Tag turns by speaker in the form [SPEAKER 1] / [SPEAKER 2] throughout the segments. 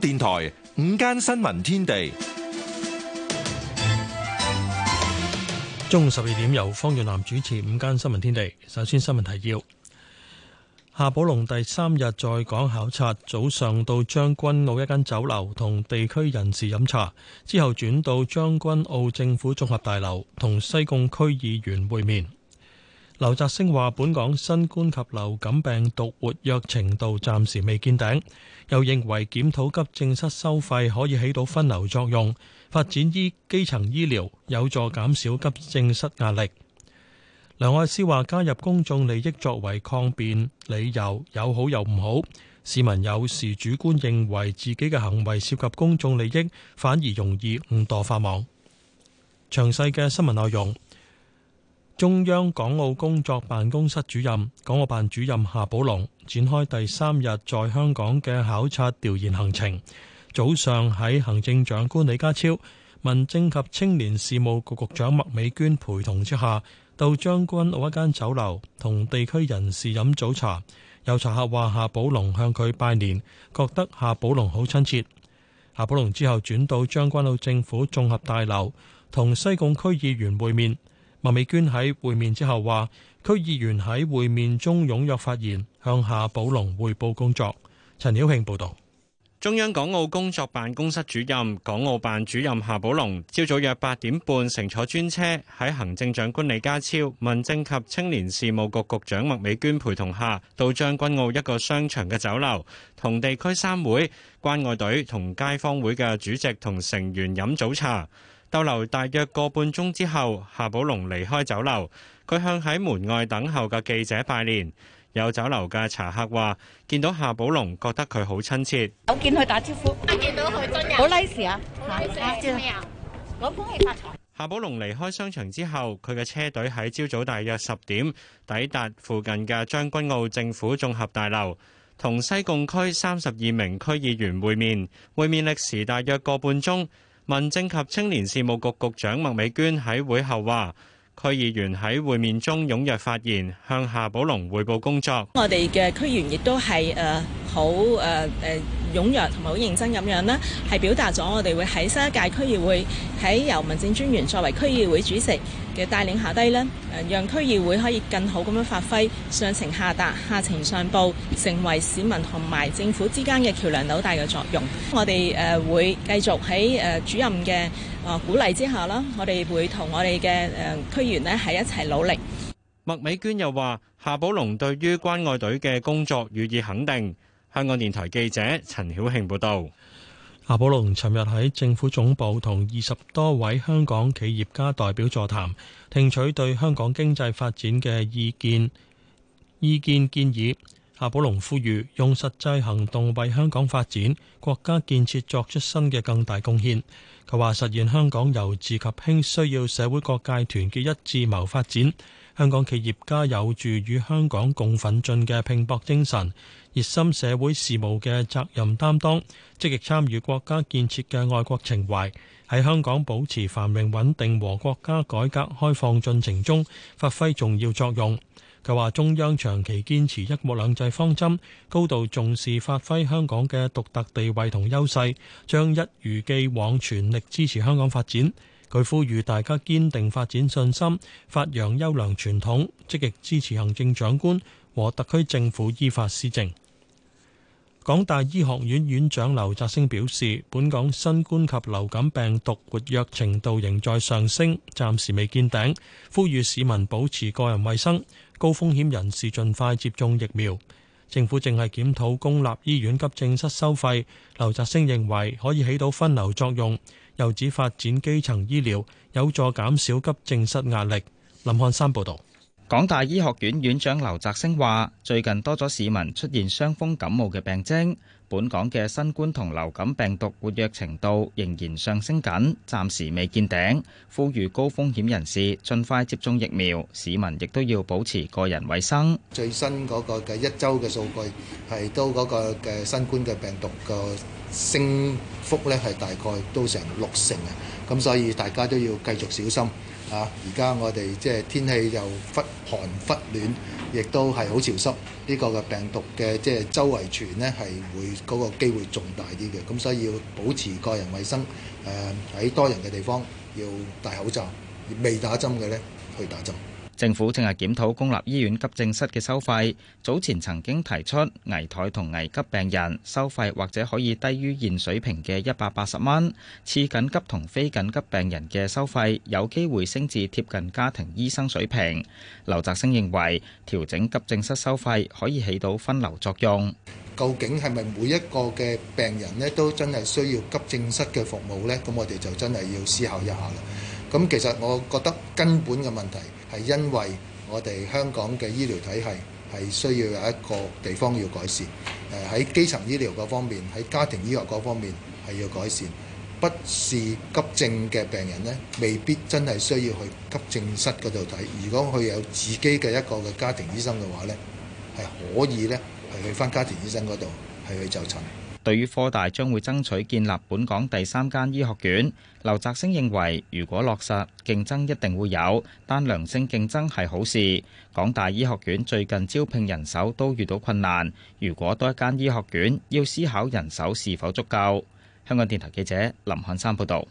[SPEAKER 1] 電台午間新聞天地，中午十二點由方潤南主持午間新聞天地。首先新聞提要：夏寶龍第三日在港考察，早上到將軍澳一間酒樓同地區人士飲茶，之後轉到將軍澳政府綜合大樓同西貢區議員會面。劉澤星話：本港新冠及流感病毒活躍程度暫時未見頂，又認為檢討急症室收費可以起到分流作用，發展醫基層醫療，有助減少急症室壓力。梁愛詩話：加入公眾利益作為抗辯理由，有好有唔好，市民有時主觀認為自己嘅行為涉及公眾利益，反而容易誤墮法網。詳細嘅新聞內容。中央港澳工作辦公室主任、港澳辦主任夏寶龍展開第三日在香港嘅考察調研行程。早上喺行政長官李家超、民政及青年事務局局長麥美娟陪同之下，到將軍澳一間酒樓同地區人士飲早茶。有茶客話夏寶龍向佢拜年，覺得夏寶龍好親切。夏寶龍之後轉到將軍澳政府綜合大樓同西貢區議員會面。麥美娟喺會面之後話，區議員喺會面中踴躍發言，向夏寶龍匯報工作。陳曉慶報道，
[SPEAKER 2] 中央港澳工作辦公室主任、港澳辦主任夏寶龍，朝早約八點半乘坐專車，喺行政長官李家超、民政及青年事務局局局長麥美娟陪同下，到將軍澳一個商場嘅酒樓，同地區三會、關愛隊同街坊會嘅主席同成員飲早茶。逗留大約個半鐘之後，夏寶龍離開酒樓。佢向喺門外等候嘅記者拜年。有酒樓嘅茶客話：見到夏寶龍，覺得佢好親切。
[SPEAKER 3] 我見佢打招呼，見到佢真好 nice 啊！祝咩啊？
[SPEAKER 4] 祝恭喜發
[SPEAKER 2] 財！夏寶龍離開商場之後，佢嘅車隊喺朝早大約十點抵達附近嘅將軍澳政府綜合大樓，同西貢區三十二名區議員會面。會面歷時大約個半鐘。民政及青年事務局局長麥美娟喺會後話：區議員喺會面中踊躍發言，向夏寶龍匯報工作。
[SPEAKER 5] 我哋嘅區議員亦都係誒。Uh 好誒誒踊躍同埋好認真咁樣咧，係表達咗我哋會喺新一屆區議會，喺由民政專員作為區議會主席嘅帶領下低咧，誒讓區議會可以更好咁樣發揮上情下達下情上報成為市民同埋政府之間嘅橋梁紐帶嘅作用。我哋誒會繼續喺誒主任嘅誒鼓勵之下啦，我哋會同我哋嘅誒區議員咧喺一齊努力。
[SPEAKER 2] 麥美娟又話：夏寶龍對於關愛隊嘅工作予以肯定。香港電台記者陳曉慶報道。
[SPEAKER 1] 夏寶龍尋日喺政府總部同二十多位香港企業家代表座談，聽取對香港經濟發展嘅意見、意見建議。夏寶龍呼籲用實際行動為香港發展、國家建設作出新嘅更大貢獻。佢話實現香港由治及興，需要社會各界團結一致謀發展。香港企業家有住與香港共奮進嘅拼搏精神。熱心社會事務嘅責任擔當，積極參與國家建設嘅愛國情懷，喺香港保持繁榮穩定和國家改革開放進程中發揮重要作用。佢話：中央長期堅持一國兩制方針，高度重視發揮香港嘅獨特地位同優勢，將一如既往全力支持香港發展。佢呼籲大家堅定發展信心，發揚優良傳統，積極支持行政長官和特區政府依法施政。港大醫學院院長劉澤星表示，本港新冠及流感病毒活躍程度仍在上升，暫時未見頂，呼籲市民保持個人衛生，高風險人士盡快接種疫苗。政府正係檢討公立醫院急症室收費，劉澤星認為可以起到分流作用，
[SPEAKER 6] 又指發展基層醫療有助減少急症室壓力。林漢山報道。港大醫學院院長劉澤星話，最近多咗市民出現傷風感冒嘅病徵，本港嘅新冠同流感病毒活躍程度仍然上升緊，暫時未見頂，呼籲高風險人士盡快接種疫苗，市民亦都要保持個人衛生。
[SPEAKER 7] 最新嗰個嘅一周嘅數據係都嗰個嘅新冠嘅病毒個升幅呢係大概都成六成啊！而家我哋即係天氣又忽寒忽暖，亦都係好潮濕，呢個嘅病毒嘅即係周圍傳咧，係會嗰個機會仲大啲嘅。咁所以要保持個人衞生，誒喺多人嘅地方要戴口罩，未打針嘅咧去打針。
[SPEAKER 6] 政府正係檢討公立醫院急症室嘅收費。早前曾經提出危殆同危急病人收費或者可以低於現水平嘅一百八十蚊，次緊急同非緊急病人嘅收費有機會升至貼近家庭醫生水平。劉澤生認為調整急症室收費可以起到分流作用。
[SPEAKER 7] 究竟係咪每一個嘅病人呢都真係需要急症室嘅服務呢？咁我哋就真係要思考一下啦。咁其實我覺得根本嘅問題，係因為我哋香港嘅醫療體系係需要有一個地方要改善，誒喺基層醫療嗰方面，喺家庭醫學嗰方面係要改善。不是急症嘅病人呢，未必真係需要去急症室嗰度睇。如果佢有自己嘅一個嘅家庭醫生嘅話呢，係可以呢係去返家庭醫生嗰度係去就診。
[SPEAKER 6] 對於科大將會爭取建立本港第三間醫學院，劉澤星認為如果落實，競爭一定會有，但良性競爭係好事。港大醫學院最近招聘人手都遇到困難，如果多一間醫學院，要思考人手是否足夠。香港電台記者林漢山報導。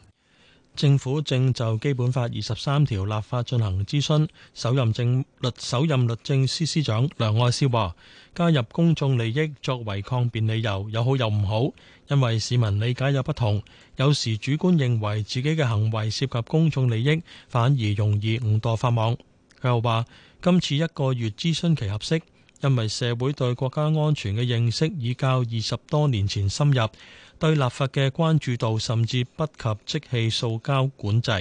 [SPEAKER 1] 政府正就《基本法》二十三條立法進行諮詢，首任政律首任律政司司長梁愛詩話：加入公眾利益作為抗辯理由，有好有唔好，因為市民理解有不同，有時主觀認為自己嘅行為涉及公眾利益，反而容易誤墮法網。佢又話：今次一個月諮詢期合適，因為社會對國家安全嘅認識已較二十多年前深入。對立法嘅關注度甚至不及即棄塑膠管制。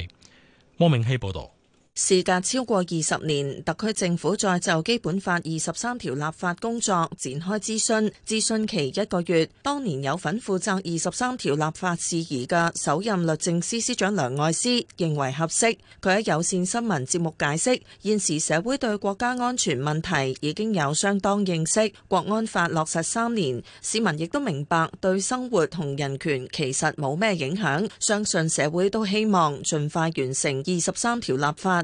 [SPEAKER 1] 汪明希報道。
[SPEAKER 8] 事隔超過二十年，特區政府再就《基本法》二十三條立法工作展開諮詢，諮詢期一個月。當年有份負責二十三條立法事宜嘅首任律政司司司長梁愛詩認為合適。佢喺有線新聞節目解釋：現時社會對國家安全問題已經有相當認識，國安法落實三年，市民亦都明白對生活同人權其實冇咩影響，相信社會都希望盡快完成二十三條立法。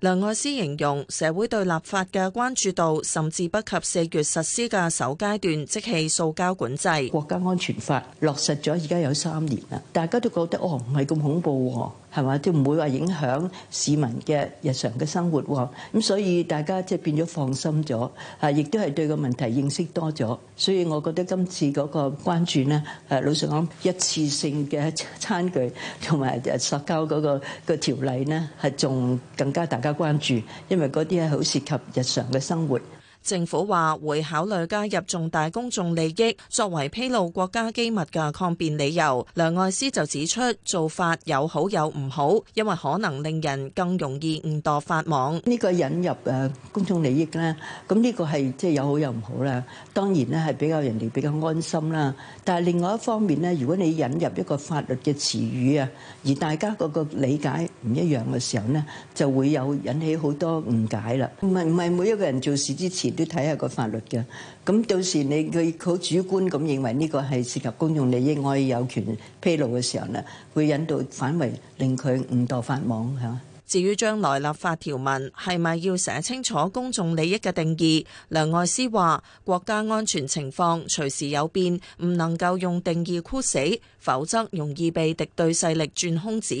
[SPEAKER 8] 梁愛詩形容社會對立法嘅關注度，甚至不及四月實施嘅首階段即棄塑
[SPEAKER 9] 膠管制。國家安全法落實咗，而家有三年啦，大家都覺得哦唔係咁恐怖、啊，係嘛？都唔會話影響市民嘅日常嘅生活、啊，咁所以大家即係變咗放心咗，啊，亦都係對個問題認識多咗，所以我覺得今次嗰個關注呢，誒、啊，老實講，一次性嘅餐具同埋誒塑膠嗰個、嗰個條例呢，係仲更加大。加關注，因為嗰啲係好涉及日常嘅生活。
[SPEAKER 8] 政府話會考慮加入重大公眾利益作為披露國家機密嘅抗辯理由。梁愛詩就指出，做法有
[SPEAKER 9] 好有唔好，因為可能令人更容易誤墮法網。呢個引入誒公眾利益呢，咁呢個係即係有好有唔好啦。當然呢，係比較人哋比較安心啦，但係另外一方面呢，如果你引入一個法律嘅詞語啊，而大家嗰個理解唔一樣嘅時候呢，就會有引起好多誤解啦。唔係，唔係每一個人做事之前，都睇下個法律嘅，咁到時，你佢好主觀咁認為呢個係涉及公眾利益可以有權披露嘅時候呢，會引導反為令佢誤墮法網嚇。
[SPEAKER 8] 至於將來立法條文係咪要寫清楚公眾利益嘅定義，梁愛詩話國家安全情況隨時有變，唔能夠用定義箍死，否則容易被敵對勢力鑽空子。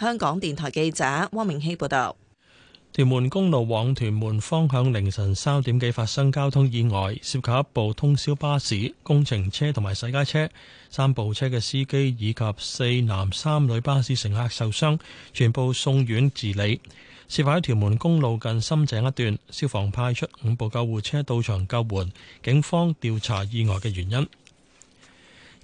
[SPEAKER 8] 香港電台記者汪明熙報道。
[SPEAKER 1] 屯門公路往屯門方向凌晨三點幾發生交通意外，涉及一部通宵巴士、工程車同埋洗街車，三部車嘅司機以及四男三女巴士乘客受傷，全部送院治理。事發喺屯門公路近深井一段，消防派出五部救護車到場救援，警方調查意外嘅原因。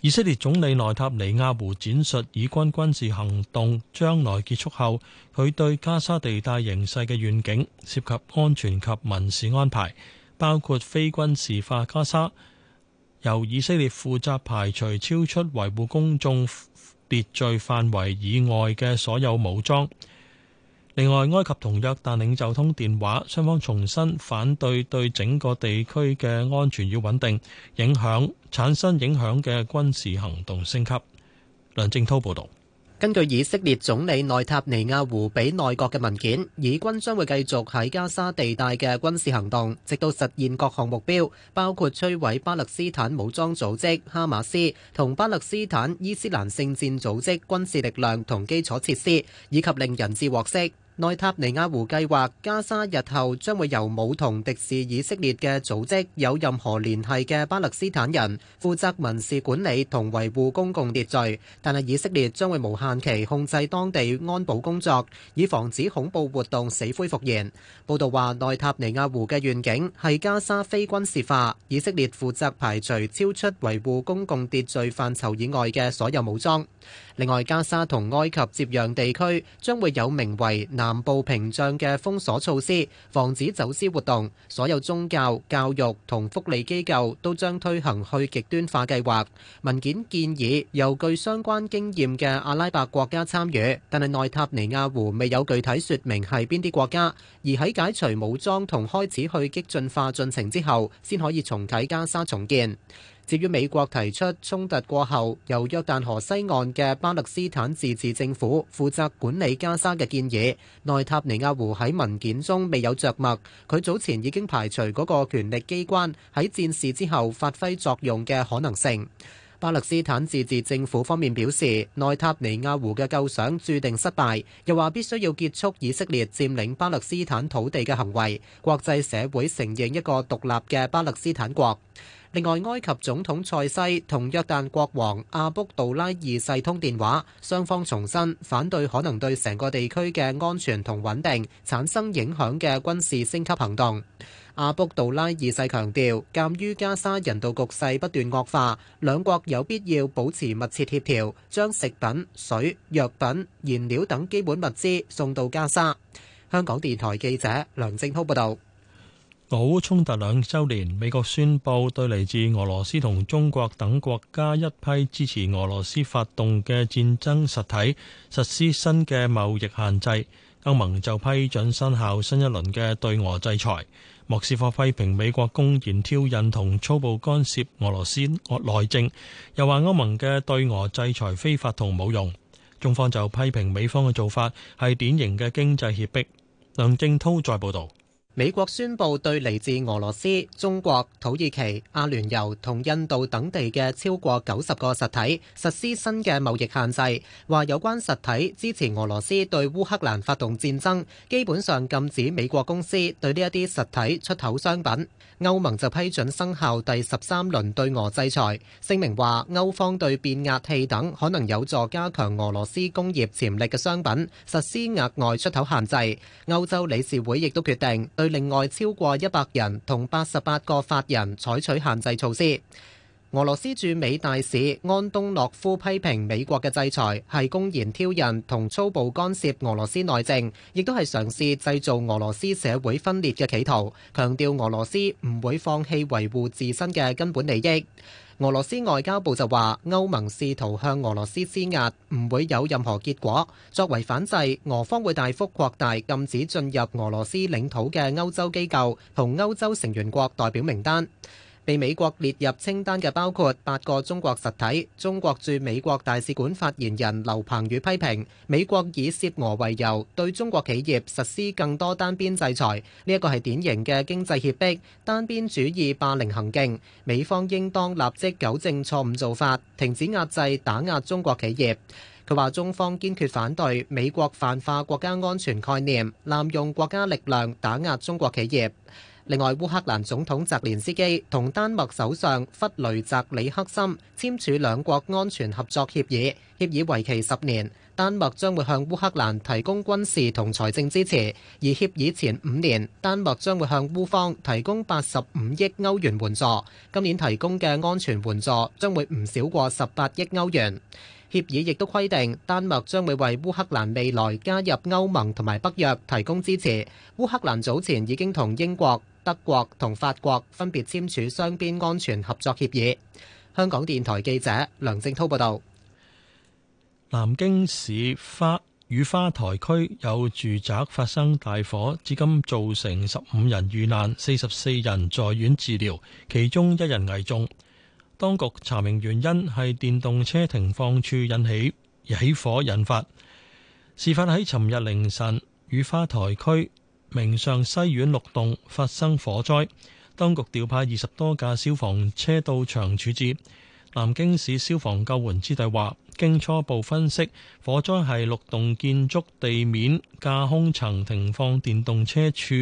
[SPEAKER 1] 以色列總理內塔尼亞胡展述以軍軍事行動將來結束後，佢對加沙地帶形勢嘅願景，涉及安全及民事安排，包括非軍事化加沙，由以色列負責排除超出維護公眾秩序範圍以外嘅所有武裝。另外，埃及同約旦領袖通電話，雙方重申反對對整個地區嘅安全與穩定影響產生影響嘅軍事行動升級。梁正滔報導，
[SPEAKER 10] 根據以色列總理內塔尼亞胡俾內閣嘅文件，以軍將會繼續喺加沙地帶嘅軍事行動，直到實現各項目標，包括摧毀巴勒斯坦武裝組織哈馬斯同巴勒斯坦伊斯蘭聖戰組織軍事力量同基礎設施，以及令人質獲釋。內塔尼亞胡計劃，加沙日後將會由冇同敵視以色列嘅組織有任何聯繫嘅巴勒斯坦人負責民事管理同維護公共秩序，但係以色列將會無限期控制當地安保工作，以防止恐怖活動死灰復燃。報道話內塔尼亞胡嘅願景係加沙非軍事化，以色列負責排除超出維護公共秩序範疇以外嘅所有武裝。另外，加沙同埃及接壤地區將會有名為南部屏障嘅封鎖措施，防止走私活動，所有宗教、教育同福利機構都將推行去極端化計劃。文件建議由具相關經驗嘅阿拉伯國家參與，但係內塔尼亞胡未有具體說明係邊啲國家。而喺解除武裝同開始去激進化進程之後，先可以重啟加沙重建。至於美國提出衝突過後由約旦河西岸嘅巴勒斯坦自治政府負責管理加沙嘅建議，內塔尼亞胡喺文件中未有著墨。佢早前已經排除嗰個權力機關喺戰事之後發揮作用嘅可能性。巴勒斯坦自治政府方面表示，內塔尼亞胡嘅構想註定失敗，又話必須要結束以色列佔領巴勒斯坦土地嘅行為，國際社會承認一個獨立嘅巴勒斯坦國。另外,埃及總統塞西同約旦國王阿卜杜拉二世通電話雙方重申反對可能對成個地區嘅安全同穩定產生影響嘅軍事升級行動阿卜杜拉二世強調鑑於加沙人道局勢不斷惡化兩國有必要保持密切協調將食品水藥品燃料等基本物資送到加沙香港電台記者梁正滔報道
[SPEAKER 1] 俄烏衝突兩周年，美國宣布對嚟自俄羅斯同中國等國家一批支持俄羅斯發動嘅戰爭實體實施新嘅貿易限制。歐盟就批准生效新一輪嘅對俄制裁。莫斯科批評美國公然挑釁同粗暴干涉俄羅斯內政，又話歐盟嘅對俄制裁非法同冇用。中方就批評美方嘅做法係典型嘅經濟脅迫。梁正濤再報道。
[SPEAKER 10] 美國宣布對嚟自俄羅斯、中國、土耳其、阿聯酋同印度等地嘅超過九十個實體實施新嘅貿易限制，話有關實體支持俄羅斯對烏克蘭發動戰爭，基本上禁止美國公司對呢一啲實體出口商品。歐盟就批准生效第十三輪對俄制裁，聲明話歐方對變壓器等可能有助加強俄羅斯工業潛力嘅商品實施額外出口限制。歐洲理事會亦都決定。對另外超過一百人同八十八個法人採取限制措施。俄羅斯駐美大使安東諾夫批評美國嘅制裁係公然挑釁同粗暴干涉俄羅斯內政，亦都係嘗試製造俄羅斯社會分裂嘅企圖，強調俄羅斯唔會放棄維護自身嘅根本利益。俄羅斯外交部就話，歐盟試圖向俄羅斯施壓，唔會有任何結果。作為反制，俄方會大幅擴大禁止進入俄羅斯領土嘅歐洲機構同歐洲成員國代表名單。被美國列入清單嘅包括八個中國實體。中國駐美國大使館發言人劉鵬宇批評，美國以涉俄為由對中國企業實施更多單邊制裁，呢一個係典型嘅經濟脅迫、單邊主義霸凌行徑。美方應當立即糾正錯誤做法，停止壓制打壓中國企業。佢話：中方堅決反對美國泛化國家安全概念，濫用國家力量打壓中國企業。另外，烏克蘭總統澤連斯基同丹麥首相弗雷澤里克森簽署兩國安全合作協議，協議為期十年。丹麥將會向烏克蘭提供軍事同財政支持，而協議前五年，丹麥將會向烏方提供八十五億歐元援助。今年提供嘅安全援助將會唔少過十八億歐元。協議亦都規定，丹麥將會為烏克蘭未來加入歐盟同埋北約提供支持。烏克蘭早前已經同英國德國同法國分別簽署雙邊安全合作協議。香港電台記者梁正滔報導：
[SPEAKER 1] 南京市花雨花台區有住宅發生大火，至今造成十五人遇難，四十四人在院治療，其中一人危重。當局查明原因係電動車停放處引起引起火引發。事發喺尋日凌晨，雨花台區。明尚西苑，六棟發生火災，當局調派二十多架消防車到場處置。南京市消防救援支隊話，經初步分析，火災係六棟建築地面架空層停放電動車處、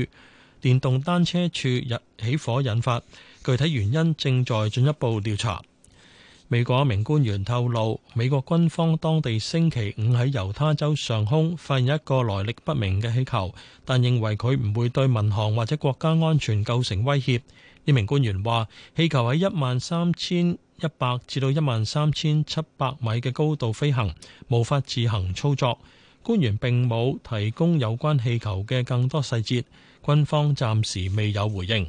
[SPEAKER 1] 電動單車處日起火引發，具體原因正在進一步調查。美國一名官員透露，美國軍方當地星期五喺猶他州上空發現一個來歷不明嘅氣球，但認為佢唔會對民航或者國家安全構成威脅。呢名官員話，氣球喺一萬三千一百至到一萬三千七百米嘅高度飛行，無法自行操作。官員並冇提供有關氣球嘅更多細節，軍方暫時未有回應。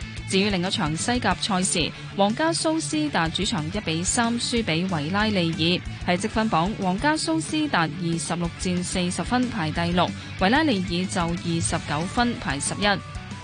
[SPEAKER 3] 至於另一場西甲賽事，皇家蘇斯達主場一比三輸俾維拉利爾。喺積分榜，皇家蘇斯達二十六戰四十分排第六，維拉利爾就二十九分排十一。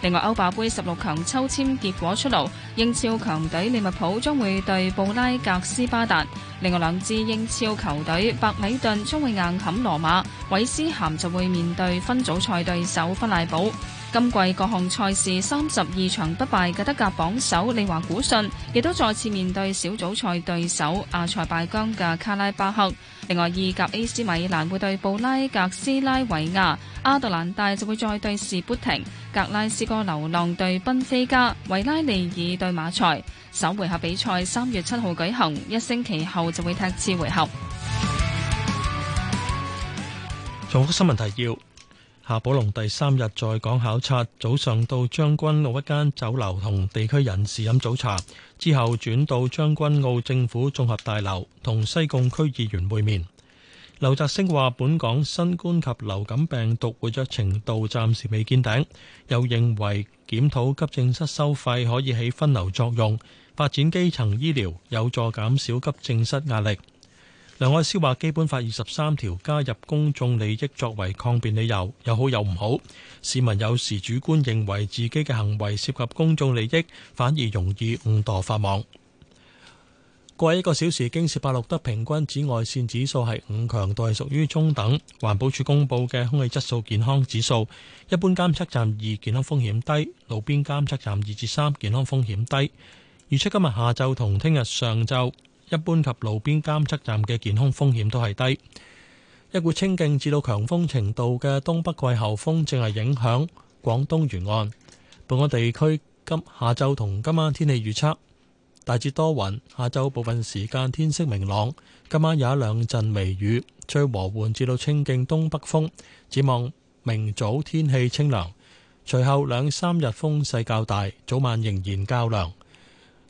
[SPEAKER 3] 另外，歐霸盃十六強抽籤結果出爐，英超強隊利物浦將會對布拉格斯巴達，另外兩支英超球隊白米頓將會硬撼羅馬。韋斯咸就會面對分組賽對手弗賴堡，今季各項賽事三十二場不敗嘅德甲榜榜首利華古遜，亦都再次面對小組賽對手阿塞拜疆嘅卡拉巴克。另外意甲 AC 米蘭會對布拉格斯拉維亞，阿特蘭大就會再對士布停，格拉斯哥流浪對賓菲加，維拉利爾對馬賽。首回合比賽三月七號舉行，一星期後就會踢次回合。
[SPEAKER 1] 重複新聞提要：夏寶龍第三日在港考察，早上到將軍澳一間酒樓同地區人士飲早茶，之後轉到將軍澳政府綜合大樓同西貢區議員會面。劉澤星話：本港新冠及流感病毒活躍程度暫時未見頂，又認為檢討急症室收費可以起分流作用，發展基層醫療有助減少急症室壓力。梁愛詩話：基本法二十三條加入公眾利益作為抗辯理由，有好有唔好。市民有時主觀認為自己嘅行為涉及公眾利益，反而容易誤墮法網。過去一個小時，京士柏錄得平均紫外線指數係五強度，係屬於中等。環保署公布嘅空氣質素健康指數，一般監測站二，健康風險低；路邊監測站二至三，3, 健康風險低。預測今日下晝同聽日上晝。一般及路邊監測站嘅健康風險都係低。一股清勁至到強風程度嘅東北季候風正係影響廣東沿岸。本港地區今下晝同今晚天氣預測大致多雲，下晝部分時間天色明朗，今晚有一兩陣微雨，吹和緩至到清勁東北風，展望明早天氣清涼，隨後兩三日風勢較大，早晚仍然較涼。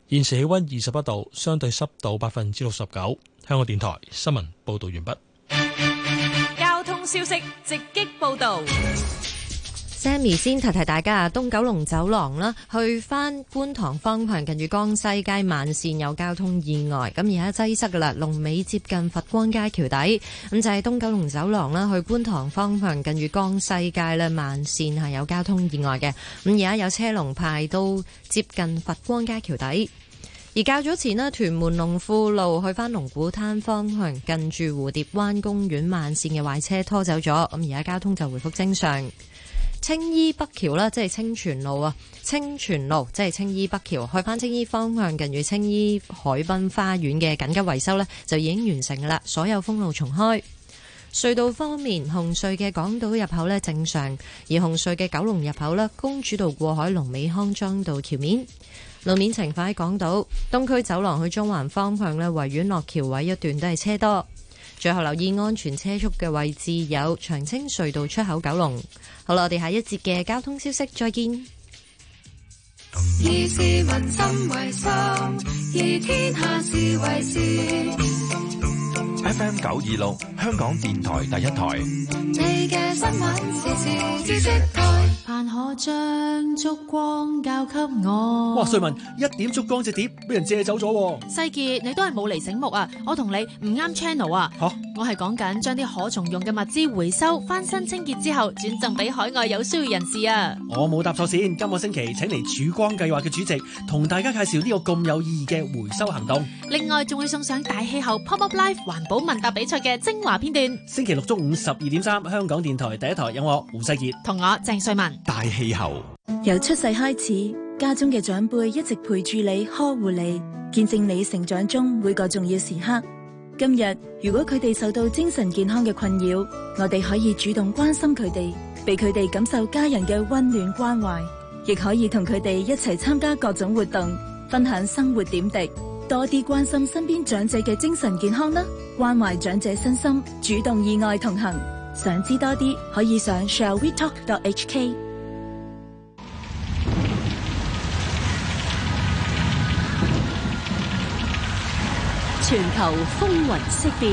[SPEAKER 1] 現時氣溫二十一度，相對濕度百分之六十九。香港電台新聞報道完畢。
[SPEAKER 5] 交通消息直擊報道。
[SPEAKER 4] Sammy 先提提大家啊，東九龍走廊啦，去翻觀塘方向近住江西街慢線有交通意外，咁而家擠塞㗎啦。龍尾接近佛光街橋底，咁就係、是、東九龍走廊啦，去觀塘方向近住江西街咧慢線係有交通意外嘅，咁而家有車龍排到接近佛光街橋底。而較早前咧，屯門龍富路去翻龍鼓灘方向近住蝴蝶灣公園慢線嘅壞車拖走咗，咁而家交通就回復正常。青衣北橋啦，即係清泉路啊，清泉路即係青衣北橋，去翻青衣方向近住青衣海濱花園嘅緊急維修呢，就已經完成噶啦，所有封路重開。隧道方面，紅隧嘅港島入口呢，正常，而紅隧嘅九龍入口呢，公主道過海，龍尾康莊道橋面，路面情況喺港島東區走廊去中環方向呢，維園落橋位一段都係車多。最後留意安全車速嘅位置有長青隧道出口九龍。好啦，我哋下一節嘅交通消息再見。以市民心為心，以天下事為事。
[SPEAKER 11] FM 九二六香港電台第一台。
[SPEAKER 5] 你嘅新聞時事知識台，盼可將燭光交給我。哇，瑞文，一點燭光隻碟俾人借走咗。世杰，你都係冇嚟醒目啊！我同你唔啱 channel 啊。吓、啊，我係講緊將啲可重用嘅物資回收、翻新、清潔之後，轉贈俾海外有需要人士啊。
[SPEAKER 11] 我冇搭錯線，今個星期請嚟曙光計劃嘅主席同大家介紹呢個咁有意義
[SPEAKER 5] 嘅回收行動。另外，仲會送上大氣候 Pop Up Life 環保文答比賽嘅精華片段。星期六中午十二點三，3，香港電台第一台有我胡世杰同我鄭瑞文。大氣候由出世開始，家中嘅長輩一直陪住你、呵護你、見證你成長中每個重要時刻。今日如果佢哋受到精神健康嘅困擾，我哋可以主動關心佢哋，俾佢哋感受家人嘅溫暖關懷，亦可以同佢哋一齊參加各種活動，分享生活點滴，多啲關心身邊長者嘅精神健康啦。關懷長者身心，主動意外同行。想知多啲，可以上 Shall We Talk. H K。全球風雲色變，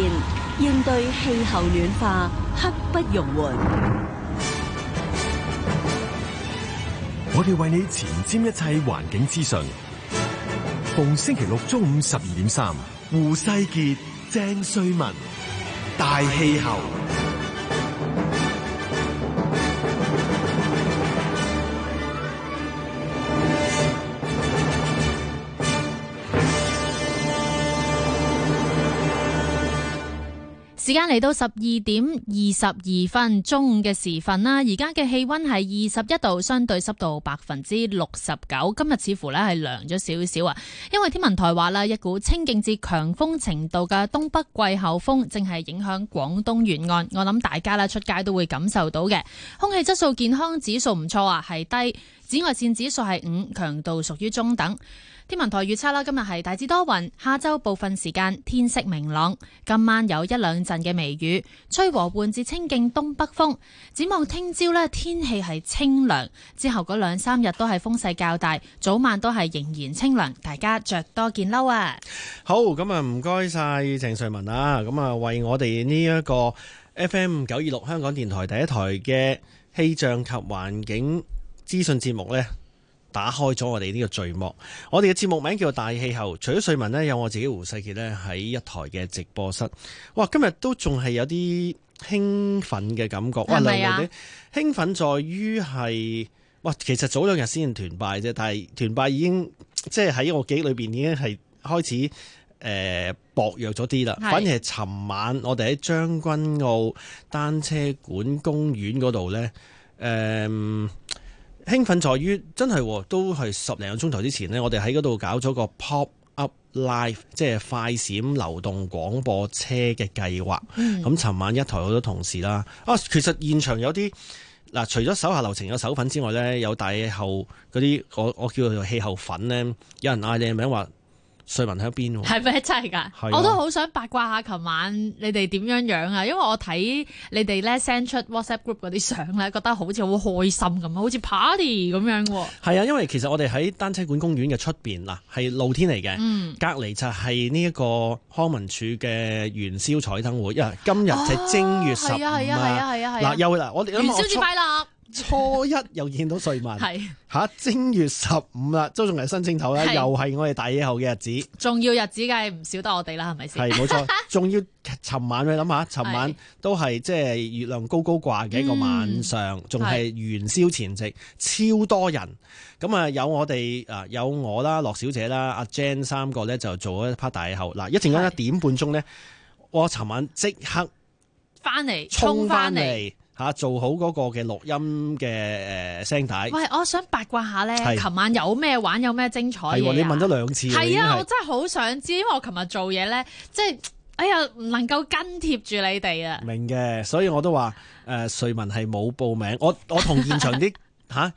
[SPEAKER 5] 應對氣候暖化刻不容緩。
[SPEAKER 11] 我哋為你前瞻一切環境資訊，逢星期六中午十二點三。胡世傑、鄭瑞文、大氣候。
[SPEAKER 5] 時間嚟到十二點二十二分，中午嘅時分啦。而家嘅氣溫係二十一度，相對濕度百分之六十九。今日似乎咧係涼咗少少啊，因為天文台話啦，一股清勁至強風程度嘅東北季候風正係影響廣東沿岸，我諗大家啦，出街都會感受到嘅。空氣質素健康指數唔錯啊，係低，紫外線指數係五，強度屬於中等。天文台預測啦，今日係大致多雲，下周部分時間天色明朗。今晚有一兩陣嘅微雨，吹和緩至清勁東北風。展望聽朝咧，天氣係清涼，之後嗰兩三日都係風勢較大，早晚都係仍然清涼，大家着多件褸啊！
[SPEAKER 11] 好，咁啊，唔該晒鄭瑞文啊，咁啊，為我哋呢一個 FM 九二六香港電台第一台嘅氣象及環境資訊節目呢。打開咗我哋呢個序幕，我哋嘅節目名叫《大氣候》。除咗瑞文呢，有我自己胡世杰呢，喺一台嘅直播室。哇，今日都仲係有啲興奮嘅感覺。係咪啊？興奮在於係，哇！其實早兩日先團拜啫，但係團拜已經即係喺我記憶裏邊已經係開始誒、呃、薄弱咗啲啦。是反而係尋晚我哋喺將軍澳單車館公園嗰度呢。誒、呃。興奮在於，真係都係十零個鐘頭之前呢，我哋喺嗰度搞咗個 pop up live，即係快閃流動廣播車嘅計劃。咁尋、嗯、晚一台好多同事啦，啊，其實現場有啲嗱，除咗手下留情有手粉之外呢，有大後嗰啲，我我叫做氣候粉呢，有人嗌你嘅名話。瑞文喺邊？係
[SPEAKER 5] 咪真係噶？的我都好想八卦下，琴晚你哋點樣樣啊？因為我睇你哋咧 send 出 WhatsApp group 嗰啲相咧，覺得好似好開心咁，好似 party 咁樣。
[SPEAKER 11] 係啊，因為其實我哋喺單車館公園嘅出邊嗱，係露天嚟嘅，隔籬、嗯、就係呢一個康文署嘅元宵彩燈會，因為今日就正月十五啊，嗱又嗱我哋元宵節快樂。初一又見到歲晚，係吓是、啊、正月十五啦，周仲嚟新正頭啦，是又係我哋大野猴嘅日子，
[SPEAKER 5] 重要日子梗係唔少得我哋啦，係咪先？係冇錯，
[SPEAKER 11] 仲要尋晚去諗下，尋晚都係即係月亮高高掛嘅一個晚上，仲係、嗯、元宵前夕，超多人，咁啊有我哋啊有我啦，樂小姐啦，阿 Jan 三個咧就做咗一 part 大野猴，嗱一陣間一點半鐘咧，是我尋晚即刻
[SPEAKER 5] 翻嚟，衝翻嚟。
[SPEAKER 11] 吓做好嗰個嘅錄音嘅誒聲帶。喂，
[SPEAKER 5] 我想八卦下咧，琴是晚有咩玩，有咩精彩嘢？你問咗
[SPEAKER 11] 兩次。係啊的，我真
[SPEAKER 5] 係好想知，因為我琴日做嘢咧，即係哎呀，唔能夠跟貼住你哋啊。
[SPEAKER 3] 明嘅，所以我都話誒，瑞文係冇報名。我我同現場啲嚇。 啊